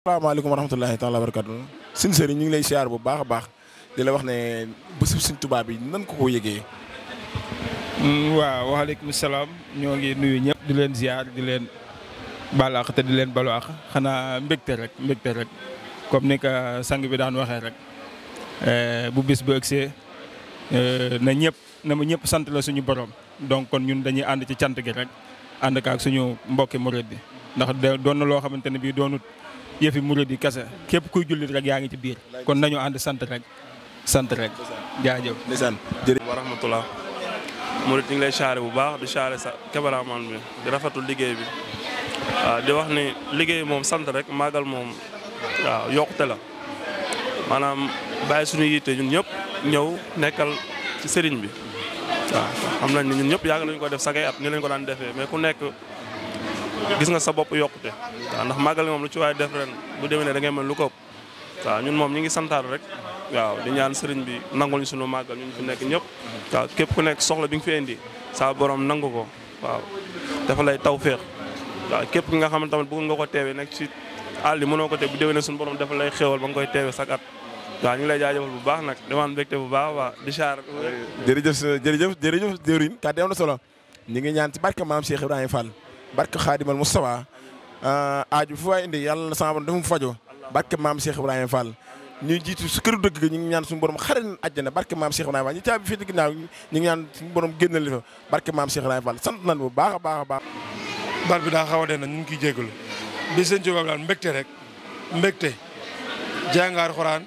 assalamualaikum warahmatullahi taala wabarakatuh suñ sëriñ ñu ngi lay siyaar bu baax baax di la wax ne bésub suñ tubaab bi nan ko ko wa mm, wa alaykum assalam ñoo ngi nuyu ñep di leen ziar di leen balax te di leen balu xana xanaa rek mbégte rek comme ni ka sang bi daan waxe rek eh, bu bis bu euh na ñep na ma ñep sante la suñu borom donc kon ñun dañuy and ci cant gi rek ka ak suñu mbokki mourid bi ndax doon lo xamanteni bi doonut yëfi murid yi kese képp kuy jullit rek yaa ngi ci biir kon nañu ànd sant rek sant rek jaajëf ndeysaan jërëjëf wa rahmatullah murid ñu ngi lay xaare bu baax di xaare sa cameraman bi di rafetul liggéey bi waaw di wax ni liggéey moom sant rek magal moom waaw yokkute la maanaam bàyyi suñu yitte ñun ñëpp ñëw nekkal ci sëriñ bi waaw xam nañ ni ñun ñëpp yàgg nañu ko def sagay at ñu leen ko daan defee mais ku nekk gis nga sa bopp yokkute waaw ndax màggal moom lu ci waaye def ren bu déwénee da ngay mel lu ko waa ñun moom ñi ngi santaar rek waaw di ñaan sëriñ bi nangul ñu sunu màggal ñu fu nekk ñëpp waaw képp ku nekk soxla bi nga fi indi saa borom nangu ko waaw dafa lay taw féex waaw képp ku nga xam ne tamit bëgg nga ko teewee nekk ci àll yi mënoo ko te bu déwénee suñu borom dafa lay xéewal ba nga koy teewee sak at waaw ñu ngi lay jaajëfal bu baax nag demaan mbégte bu baax waaw di char jërëjëf jërëjëf jërëjëf déwrin kàddu am na solo ñu ngi ñaan ci barke maam Cheikh Ibrahima Fall barke xaadimal Moustapha ah, aaju fu waay indi yàlla na sama borom dafa fajo barke maam Cheikh Ibrahima Fall ñu jiitu su këru dëgg ñu ngi ñaan suñu borom xare na àjjana barke maam Cheikh Ibrahima Fall ñaan suñu borom génnal li fa barke maam Cheikh Ibrahima Fall sant nañ bu baax a baax a baax bar bi daa xaw a dee na ñu ngi kiy jégalu bi sëñ Tuubaa daal rek mbégte jàngaar xoraan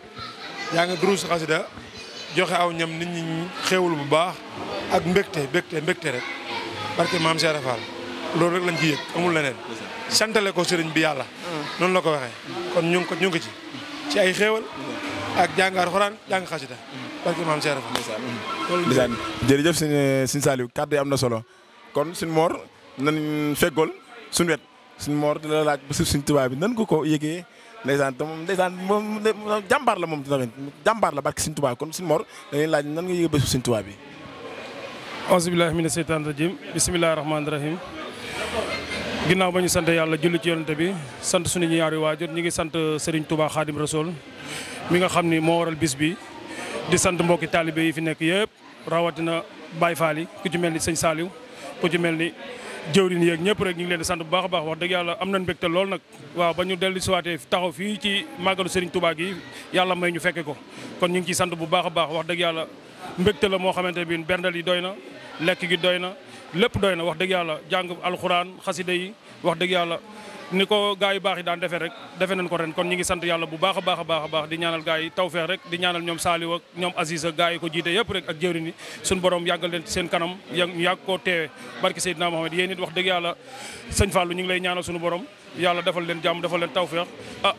yaa nga duruus xasida joxe aw ñam nit ñi xewul bu baax ak mbégte mbégte mbégte rek barke maam Cheikh loolu rek lañ ci yëg amul leneen. santale ko sëriñ bi yàlla. noonu la ko waxee. kon ñu ngi ko ñu ngi ci. ci ay xéewal. ak jàng alxuraan jàng xasida. parce que maam Cheikh Rafa. jërëjëf sëñ eh, sëñ Saliou kàddu yi am na solo kon suñ moor nan feggool suñ wet suñ moor di la laaj ba suñ tubaab bi nan ko ko yëgee ndeysaan moom ndeysaan moom jàmbaar la moom tamit jàmbaar la barke suñ kon suñ moor da laaj nan nga yëgee ba suuf suñ tubaab bi. auzu billaahi mina seytaani rajiim bismillaahi ginnaaw ba ñu sant yàlla julli ci yonent bi sant suñu ñaari waajur ñi ngi sant Serigne Touba Khadim Rasoul mi nga xam ni moo waral bis bi di sant mbokki taalibe yi fi nekk yëpp rawatina Baye Fall yi ku ci mel ni sëñ Saliou ku ci mel ni jëwriñ yeeg ñëpp rek ñu ngi leen di sant bu baax a baax wax dëgg yàlla am na mbégte lool nag waaw ba ñu dellu si waatee taxaw fii ci màggalu Serigne tubaak yi yàlla may ñu fekke ko kon ñu ngi ciy sant bu baax a baax wax dëgg yàlla mbégte la moo xamante bi berndal yi doy na lekk gi doy na lépp doy na wax dëgg yàlla jàng alxuraan xasida yi wax dëgg yàlla ni ko gaa yu baax yi daan defee rek defee nañ ko ren kon ñu ngi sant yàlla bu baax a baax a baax a baax di ñaanal gaa yi tawfeex rek di ñaanal ñoom Saliou ak ñoom Aziz gaa yi ko jiite yëpp rek ak jëwriñ yi borom yàggal leen ci seen kanam ñu yàgg koo teewe barke Seydina Mohamed yéen wax dëgg yàlla sëñ Fallou ñu ngi lay ñaanal suñu borom yàlla defal leen jàmm defal leen tawfeex ah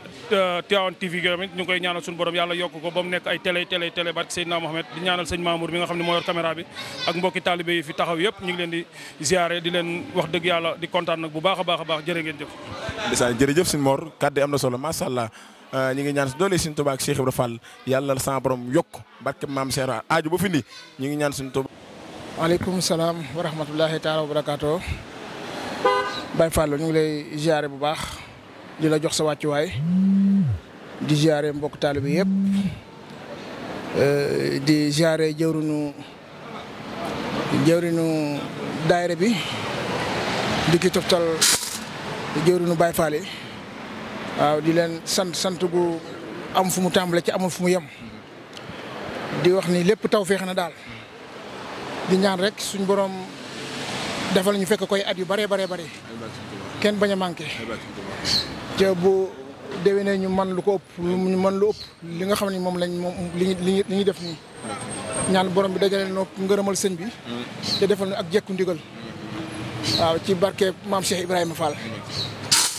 Tivaouane TV gi tamit ñu ngi yàlla yokk ko ba mu nekk ay télé télé télé barke Seydina Mohamed di mi nga xam ne moo yor caméra bi ak mbokki taalibe yi fi taxaw yëpp ñu ngi leen di ziare di leen wax dëgg yàlla di kontaan bu baax a baax a baax jërë ngeen jëf ndeysaan jërëjëf suñ Mor kàddu am na solo macha allah euh, ñi ngi ñaan si doole suñ Tuubaa ak Cheikh Ibra Fall yàlla sa borom yokk barke maam Seera aaju ba fi ni ñi ngi ñaan suñ Tuubaa. waaleykum salaam wa rahmatulahi wa barakaatu. Baye Fall ñu ngi lay ziare bu baax di la jox sa wàccuwaay di ziare mbokk bi yëpp euh, di ziare jëwrinu jëwrinu daayira bi di ki di jëwriñu Baye Fall waaw di leen sant sant gu am fu mu tàmbule ci amul fu mu yem di wax nii lépp taw feex na daal di ñaan rek suñ boroom defal ñu fekk koy at yu bëree baree bëri kenn bañ a manqué te bu déwénee ñu man lu ko ëpp ñu man lu ëpp li nga xam ne moom lañ moom li li ñuy def nii ñaan borom bi dajale noo ngërëmal sëñ bi te defal ñu ak jekku ndigal waaw ci barke maam Cheikh Ibrahima Fall.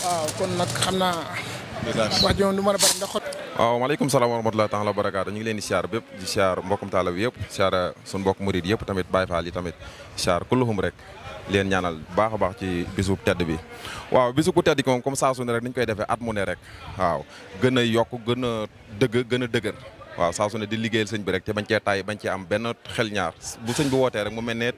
waaw kon nag xam naa. wax ji moom du mën a bari ndax xot. waaw maaleykum salaam wa rahmatulah taala wa barakaatu ñu ngi leen di siyaar bépp di siyaar mbokkum taala bi yëpp siyaar suñu mbokk murid yëpp tamit Baye faal yi tamit siyaar kulluhum rek. leen ñaanal baax a baax ci bisu tedd bi waaw bisu ku tedd ki moom comme saa su ne rek ni koy defee at mu ne rek waaw gën a yokk gën a dëgg gën a dëgër. waaw saa su ne di liggéeyal sëñ bi rek te bañ cee tay bañ cee am benn xel ñaar bu sëñ bi wootee rek mu mel ne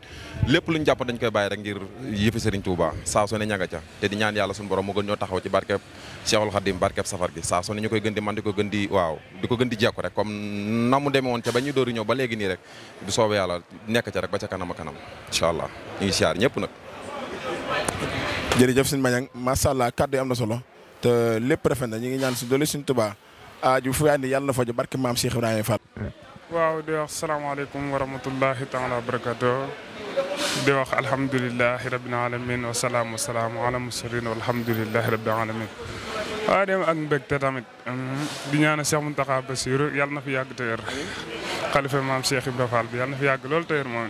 lépp luñ jàpp dañ koy bàyyi rek ngir yëfi sëriñ Touba saa su ne ña nga ca te di ñaan yàlla suñu borom mu gën ñoo taxaw ci barkeb Cheikhul Khadim barkeb safar gi saa su ne ñu koy gën di man di ko gën di waaw di ko gën di jekku rek comme na mu demee woon ca ba ñu ñëw ba léegi nii rek bu soobee yàlla nekk ca rek ba ca kanam kanam incha allah ñu ngi siyaar ñëpp nag jërëjëf sëñ Mañang macha allah kàddu yi am na solo te lépp rafet na ñu ngi ñaan si doole sëñ Touba aaju fu yaay ni yàlla na faju barke maam Cheikh Ibrahima Fall. waaw di wax salaamaaleykum wa rahmatullahi taala wa barakatuh di wax alhamdulilahi rabbil alamin wa salaam wa salaam ala mursalin walhamdulilahi rabbil alamin waaw dem ak mbégte tamit mm, di ñaanal Cheikh Mountakha Bassirou yàlla na fi yàgg te wér xalifa maam Cheikh Ibrahima Fall bi yàlla na fi yàgg lool te wér moom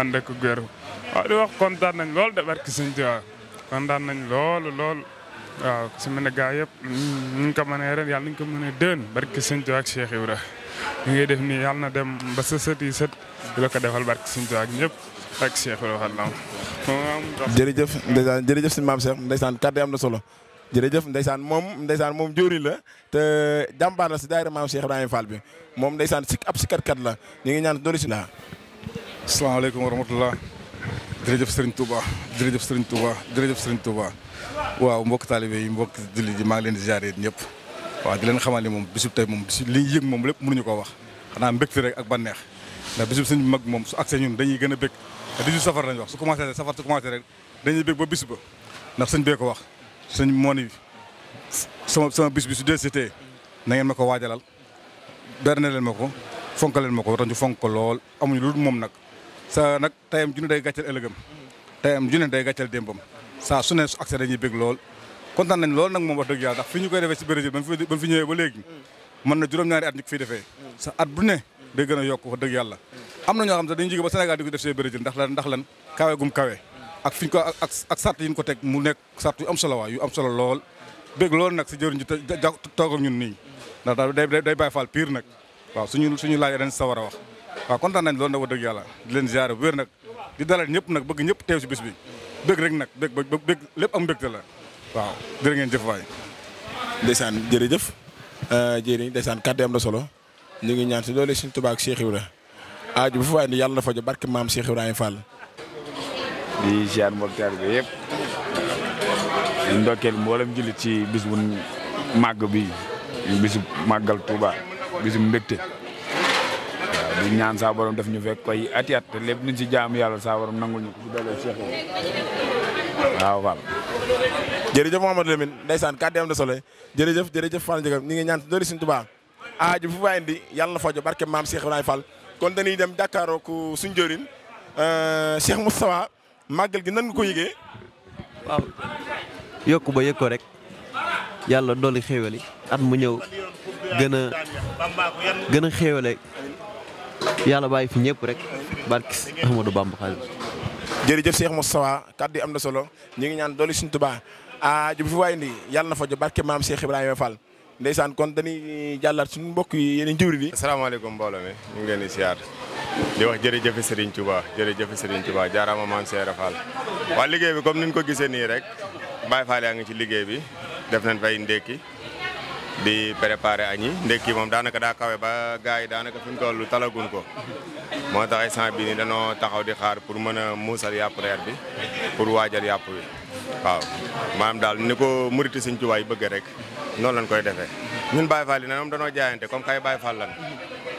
ànd ak gër waaw di wax kontaan nañ lool de barke Sëñ Tuubaa kontaan nañ lool lool waaw si mën a gaa yëpp ñu ko mënee ren yàlla nañ ko mënee dën barke sëñ Tuubaa ak Cheikh Ibra li ngay def nii yàlla na dem ba sa sët yi sët di la ko defal ak ñëpp ak Cheikh Ibra jërëjëf ndeysaan jërëjëf si maam Cheikh ndeysaan kàddu am na solo jërëjëf ndeysaan moom ndeysaan moom jóori la te jàmbaar la si daayira maam Cheikh Ibrahima Fall bi moom ndeysaan si ab si katkat la ñu ngi ñaan doori si la asalaamaaleykum wa rahmatullah jërëjëf sëriñ Touba jërëjëf sëriñ Touba jërëjëf sëriñ waaw mbokk taalibe yi mbokk jullit ji maa ngi leen di ziare ñëpp waaw di leen xamal ni moom bisub tey moom bisu li yëg moom lépp mënuñu ko wax xanaa mbégte rek ak banneex ndax bisub suñu mag moom su accès ñun dañuy gën a bég di ju safar lañu wax su commencé safar su commencé rek dañuy bég ba bis ba ndax suñ bee ko wax suñ mooni sama sama bis bi su deesitee na ngeen ma ko waajalal berne leen ma ko fonka leen ma ko ñu fonk ko lool amuñu lu moom nag sa nag tayam ju day gàccal ëllëgam tayam ju ne day gàccal démbam saa su ne su accès dañuy bég lool kontaan nañ lool nag moom wax dëgg yàlla ndax fi ñu koy defee si Brésil ba ñu fi ñëwee ba léegi mën na bu ne yokk wax yàlla am na xam ne dañuy jóge ba Sénégal di ko def see Brésil ndax lan ndax lan ko ak ak sart ko teg mu nekk sart am solo waa solo lool bég lool nag si jëriñ ji toog ak ñun nii ndax daal day day bàyyi faal pire nag waaw suñu suñu laaj dañ sa war a wax waaw kontaan nañ loolu nag wax dëgg yàlla di leen ziare wér nag di dalal ñëpp nag bëgg ñëpp teew si bis bi bëgg rek nag bëgg bëgg lépp am mbégte la waaw jërë ngeen jëf waay. ndeysaan jërëjëf euh, jërëjëf ndeysaan kàddu am na solo ñu ngi ñaan si doole suñu tubaak ak Cheikh Ibra aaju bu fa waay ni yàlla na fa jo barke maam Cheikh Ibrahima Fall. di ziar mbokk taalibe bi yëpp ndokkeel mboolem jullit ci bis bu màgg bi bisu màggal Touba bisu mbégte. di ñaan saa borom def ñu fekk koy ati at te lépp luñ si jaamu yàlla saa borom ñu si doole Cheikh waaw waaw. jërëjëf Mouhamadou Lamine ndeysaan kàddu am na solo jërëjëf jërëjëf Fall Ndiaga ñu ngi ñaan doole suñu Tuubaa ah ji fu waay indi yàlla na fajoo barke maam Cheikh Ibrahima Fall kon dañuy dem jàkkaaroo ko suñu jëriñ euh, Cheikh Moustapha màggal gi nan ko yëgee. yokk ba yëg rek yàlla dolli xéewali at mu ñëw gën a yàlla bàyyi fi ñëpp rek barkis Ahmadou Bamba Xaadim jërëjëf seex Moustapha kàddu yi am na solo ñu ngi ñaan doole suñu baa a ju bi fi waay indi yàlla na fa jo barke maam Cheikh Ibrahima Fall ndeysaan kon dañuy jàllaat suñu mbokk yi yeneen jëwri yi asalaamaaleykum mbooloo mi ñu ngi leen di siyaar di wax jërëjëf Serigne Touba jërëjëf Serigne Touba jaaraama maam Cheikh Fall waa liggéey bi comme niñ ko gisee nii rek Baye Fall yaa ngi ci liggéey bi def nañ fay ndékki di préparer añi ndekki moom danaka daa kawe ba gars yi daanaka fi mu toll talagun ko moo tax instant bii nii dañoo taxaw di xaar pour mën a muusal yàpp reer bi pour waajal yàpp wi waaw maam daal ni ko muriti Sëñ Tuubaa yi rek noonu lañ koy defee ñun Baay Faal yi nag moom dañoo jaayante comme kay Baay Faal lan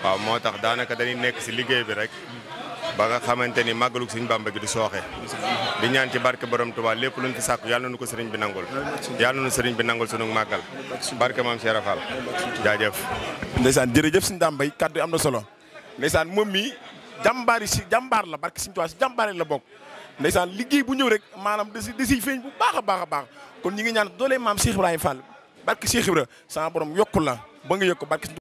waaw moo tax daanaka dañuy nekk si liggéey bi rek ba nga xamante ni màggalug sëñ Bàmba gi du sooxe di ñaan ci barke borom Tuubaa lépp luñ fi sàkku yàlla na nu ko sëriñ bi nangul yàlla na nu sëriñ bi nangul sunu màggal barke maam Cheikh Rafal jaajëf ndeysaan jërëjëf sëñ Dame Mbaye kàddu am na solo ndeysaan moom mi jàmbaari si jàmbaar la barke sëñ Tuubaa si jàmbaari la bokk ndeysaan liggéey bu ñëw rek maanaam da si da feeñ bu baax baax kon ñi ngi ñaan doolee maam Cheikh Ibrahima Fall barke Cheikh Ibra sama borom yokku la ba nga yokk barke